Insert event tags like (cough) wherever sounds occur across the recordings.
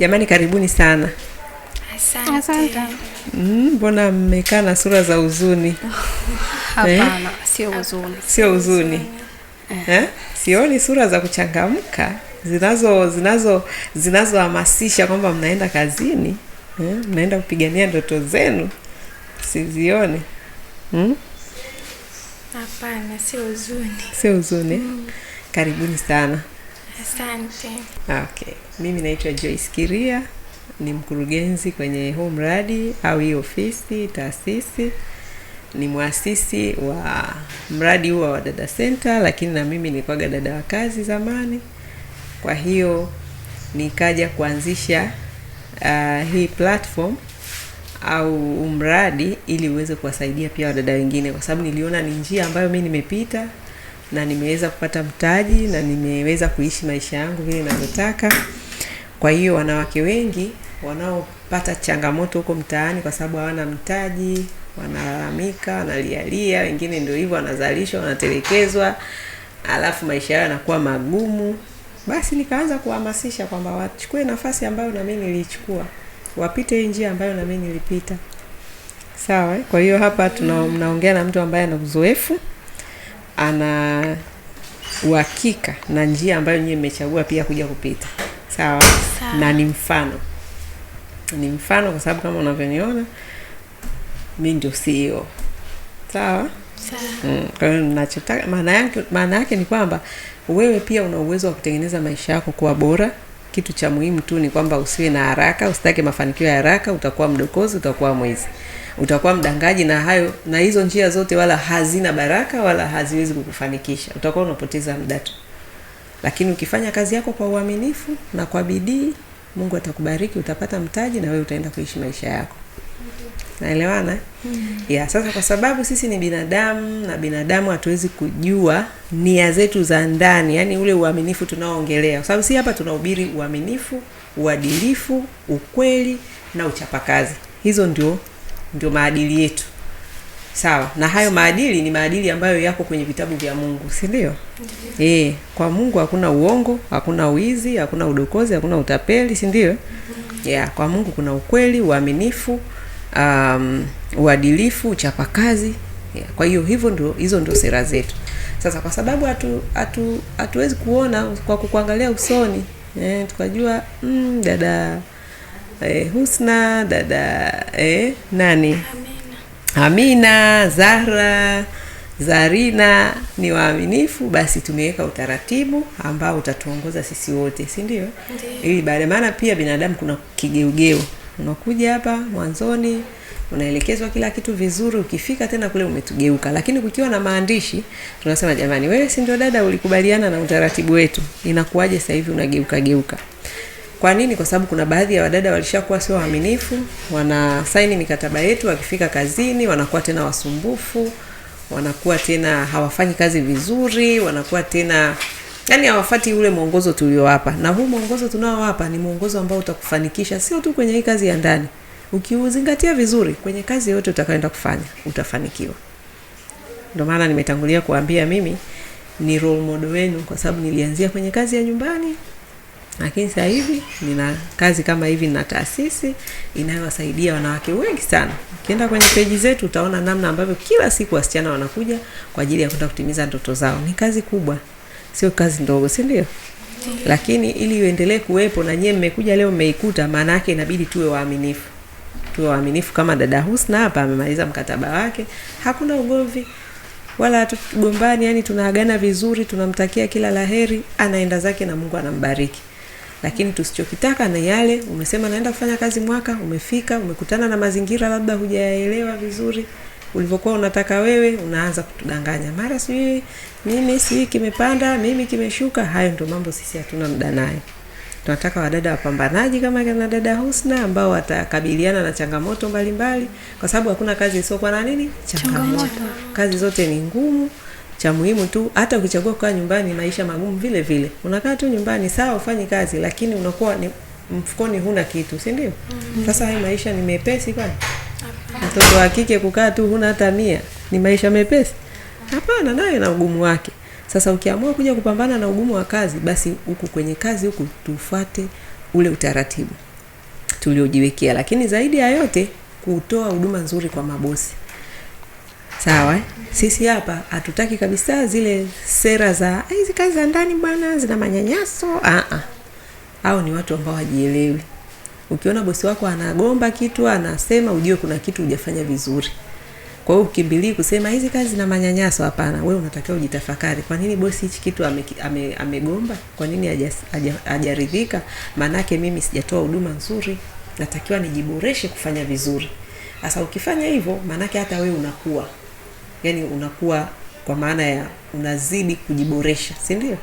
Jamani, karibuni sana. Asante. Mm, mbona mm, mmekaa na sura za huzuni? (laughs) Eh? Hapana, sio huzuni. Sio huzuni. Eh. eh? Sioni sura za kuchangamka zinazo zinazo zinazohamasisha kwamba mnaenda kazini eh? Mnaenda kupigania ndoto zenu sizioni. Hmm? Hapana, sio huzuni. Sio uzuni. Mm. Karibuni sana. Asante. Okay, mimi naitwa Joyce Kiria, ni mkurugenzi kwenye huu mradi au hii ofisi taasisi. Ni mwasisi wa mradi huu wa Wadada Center, lakini na mimi nilikuwaga dada wa kazi zamani, kwa hiyo nikaja kuanzisha uh, hii platform au mradi ili uweze kuwasaidia pia wadada wengine, kwa sababu niliona ni njia ambayo mimi nimepita na nimeweza kupata mtaji na nimeweza kuishi maisha yangu vile ninavyotaka. Kwa hiyo wanawake wengi wanaopata changamoto huko mtaani kwa sababu hawana mtaji, wanalalamika, wanalialia, wengine ndio hivyo wanazalishwa, wanatelekezwa, alafu maisha yao yanakuwa magumu. Basi nikaanza kuhamasisha kwamba wachukue nafasi ambayo na mimi nilichukua, wapite hii njia ambayo na mimi nilipita. Sawa, eh? kwa hiyo hapa tuna mnaongea na mtu ambaye ana uzoefu ana uhakika na njia ambayo nyiwe mmechagua pia kuja kupita sawa? Sawa. Na ni mfano, ni mfano kwa sababu kama unavyoniona mi ndio CEO sawa. Mm, kwa maana yake maana yake ni kwamba wewe pia una uwezo wa kutengeneza maisha yako kuwa bora. Kitu cha muhimu tu ni kwamba usiwe na haraka, usitake mafanikio ya haraka, utakuwa mdokozi, utakuwa mwezi utakuwa mdangaji, na hayo na hizo njia zote wala hazina baraka wala haziwezi kukufanikisha, utakuwa unapoteza muda tu. Lakini ukifanya kazi yako kwa uaminifu na kwa bidii, Mungu atakubariki, utapata mtaji na wewe utaenda kuishi maisha yako. Naelewana? Mm -hmm. Ya, sasa kwa sababu sisi ni binadamu na binadamu hatuwezi kujua nia zetu za ndani, yaani ule uaminifu tunaoongelea. Kwa sababu si hapa tunahubiri uaminifu, uadilifu, ukweli na uchapakazi. Hizo ndio ndio maadili yetu, sawa na hayo maadili ni maadili ambayo yako kwenye vitabu vya Mungu, si mm-hmm. E, kwa Mungu hakuna uongo, hakuna wizi, hakuna udokozi, hakuna utapeli, si mm-hmm. Yeah, kwa Mungu kuna ukweli, uaminifu, um, uadilifu, uchapakazi. Yeah, kwa hiyo hivyo ndo hizo ndio sera zetu. Sasa kwa sababu hatu hatuwezi kuona kwa kukuangalia usoni eh, tukajua mm, dada eh, Husna, dada eh, nani Amina, Amina Zahra Zarina ni waaminifu, basi tumeweka utaratibu ambao utatuongoza sisi wote, si ndio? Ili baada, maana pia binadamu kuna kigeugeu, unakuja hapa mwanzoni unaelekezwa kila kitu vizuri, ukifika tena kule umetugeuka. Lakini kukiwa na maandishi tunasema, jamani, wewe si ndio dada ulikubaliana na utaratibu wetu, inakuwaje sasa hivi unageuka geuka? Kwa nini? Kwa sababu kuna baadhi ya wadada walishakuwa sio waaminifu, wana saini mikataba yetu, wakifika kazini wanakuwa tena wasumbufu, wanakuwa tena hawafanyi kazi vizuri, wanakuwa tena yani hawafati ule mwongozo tuliowapa. Na huu mwongozo tunaowapa ni mwongozo ambao utakufanikisha sio tu kwenye hii kazi ya ndani, ukiuzingatia vizuri kwenye kazi yote utakayoenda kufanya utafanikiwa. Ndio maana nimetangulia kuambia mimi ni role model wenu, kwa sababu nilianzia kwenye kazi ya nyumbani lakini sasa hivi nina kazi kama hivi na taasisi inayowasaidia wanawake wengi sana. Ukienda kwenye peji zetu utaona namna ambavyo kila siku wasichana wanakuja kwa ajili ya kwenda kutimiza ndoto zao. Ni kazi kubwa, sio kazi ndogo, si ndio? Lakini ili iendelee kuwepo na nyie mmekuja leo mmeikuta, maana yake inabidi tuwe waaminifu, tuwe waaminifu. Kama dada Husna hapa amemaliza mkataba wake, hakuna ugomvi wala hatugombani, yani tunaagana vizuri, tunamtakia kila laheri, anaenda zake na Mungu anambariki lakini tusichokitaka ni yale umesema naenda kufanya kazi mwaka umefika umekutana na mazingira labda hujayaelewa vizuri ulivyokuwa unataka wewe unaanza kutudanganya mara sijui mimi sijui kimepanda mimi kimeshuka hayo ndio mambo sisi hatuna muda nayo tunataka wadada wapambanaji kama kina dada Husna ambao watakabiliana na changamoto mbalimbali mbali, kwa sababu hakuna kazi isiokuwa na nini Changamoto. Kazi zote ni ngumu, cha muhimu tu hata ukichagua kukaa nyumbani maisha magumu vile vile unakaa tu nyumbani sawa ufanye kazi lakini unakuwa ni mfukoni huna kitu si ndio mm-hmm. sasa maisha ni mepesi kwani mtoto wa kike kukaa tu huna hata nia ni maisha mepesi hapana nayo na ugumu wake sasa ukiamua kuja kupambana na ugumu wa kazi basi huku kwenye kazi huku tufate ule utaratibu tuliojiwekea lakini zaidi ya yote kutoa huduma nzuri kwa mabosi sawa. Sisi hapa hatutaki kabisa zile sera za hizi kazi za ndani bwana zina manyanyaso. Ah ah, hao ni watu ambao hajielewi. Ukiona bosi wako anagomba kitu, anasema ujue kuna kitu hujafanya vizuri. Kwa hiyo ukimbilii kusema hizi kazi zina manyanyaso, hapana. Wewe unatakiwa ujitafakari, kwa nini bosi hichi kitu amegomba ame, ame kwa nini hajaridhika? Maanake mimi sijatoa huduma nzuri, natakiwa nijiboreshe kufanya vizuri. Sasa ukifanya hivyo, maanake hata wewe unakuwa yani unakuwa kwa maana ya unazidi kujiboresha, si ndio?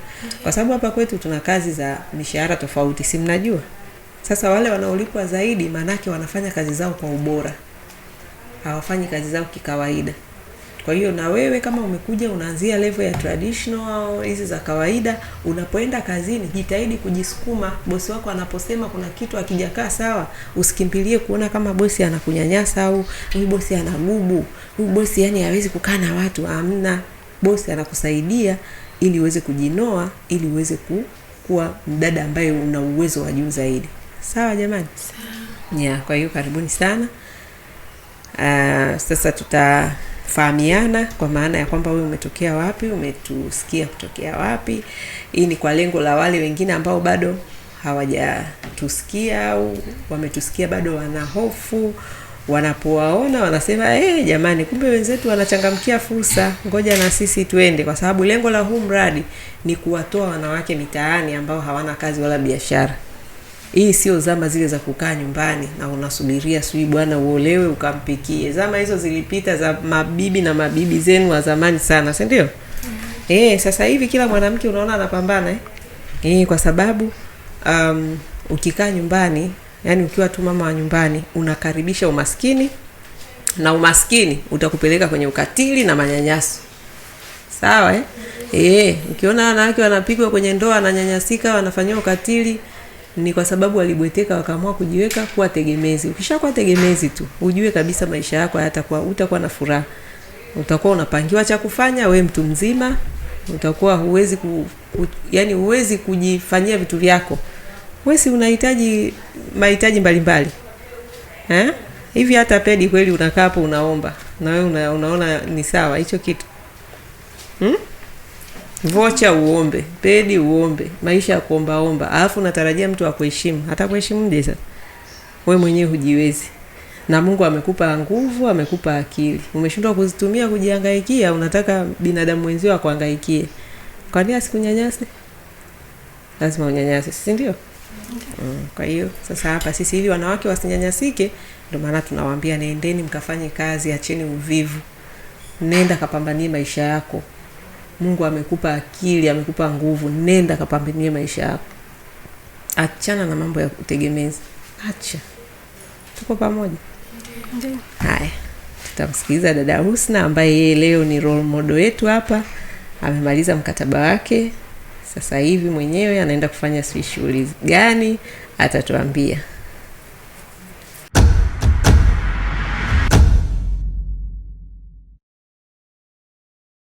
Kwa sababu hapa kwetu tuna kazi za mishahara tofauti, si mnajua. Sasa wale wanaolipwa zaidi, maanake wanafanya kazi zao kwa ubora, hawafanyi kazi zao kikawaida. Kwa hiyo na wewe kama umekuja unaanzia level ya traditional au hizi za kawaida, unapoenda kazini jitahidi kujisukuma. Bosi wako anaposema kuna kitu hakijakaa sawa, usikimbilie kuona kama bosi anakunyanyasa au huyu bosi anagubu, huyu bosi yani hawezi kukaa na watu. amna bosi anakusaidia ili uweze kujinoa, ili uweze ku, kuwa mdada ambaye una uwezo wa juu zaidi. Sawa jamani, sawa. Yeah, kwa hiyo karibuni sana. Uh, sasa tuta kufahamiana kwa maana ya kwamba wewe umetokea wapi, umetusikia kutokea wapi. Hii ni kwa lengo la wale wengine ambao bado hawajatusikia au wametusikia bado wana hofu wanapowaona wanasema eh, jamani, kumbe wenzetu wanachangamkia fursa, ngoja na sisi tuende, kwa sababu lengo la huu mradi ni kuwatoa wanawake mitaani ambao hawana kazi wala biashara. Hii sio zama zile za kukaa nyumbani na unasubiria sijui bwana uolewe ukampikie. Zama hizo zilipita, za mabibi na mabibi zenu wa zamani sana, si ndio? Mm. e, sasa hivi kila mwanamke unaona anapambana eh? eh? kwa sababu um, ukikaa nyumbani, yani ukiwa tu mama wa nyumbani unakaribisha umaskini na umaskini utakupeleka kwenye ukatili na manyanyaso. Sawa eh? Mm-hmm. Eh, ukiona wanawake wanapigwa kwenye ndoa, wananyanyasika, wanafanyiwa ukatili ni kwa sababu walibweteka wakaamua kujiweka kuwa tegemezi. Ukishakuwa tegemezi tu, ujue kabisa maisha yako hayatakuwa, utakuwa na furaha, utakuwa unapangiwa cha kufanya, we mtu mzima utakuwa huwezi ku, ku, yani huwezi kujifanyia vitu vyako wewe, si unahitaji mahitaji mbalimbali eh? Hivi hata pedi kweli unakaa hapo unaomba na wewe una, unaona ni sawa hicho kitu hmm? vocha uombe, pedi uombe, maisha ya kuombaomba, alafu unatarajia mtu akuheshimu. hata Atakuheshimu sasa? We mwenyewe hujiwezi, na Mungu amekupa nguvu, amekupa akili, umeshindwa kuzitumia kujihangaikia, unataka binadamu wenzio akuhangaikie. Kwa nini asikunyanyase? Lazima unyanyase, si ndio? Mm, kwa hiyo sasa hapa sisi hivi wanawake wasinyanyasike, ndio maana tunawaambia nendeni mkafanye kazi, acheni uvivu, nenda kapambanie maisha yako. Mungu amekupa akili, amekupa nguvu, nenda kapambanie maisha yako. Achana na mambo ya kutegemeza, acha. Tuko pamoja? Haya, tutamsikiliza dada Husna ambaye yeye leo ni role wetu hapa. Amemaliza mkataba wake sasa hivi mwenyewe anaenda kufanya sijui shughuli gani, atatuambia.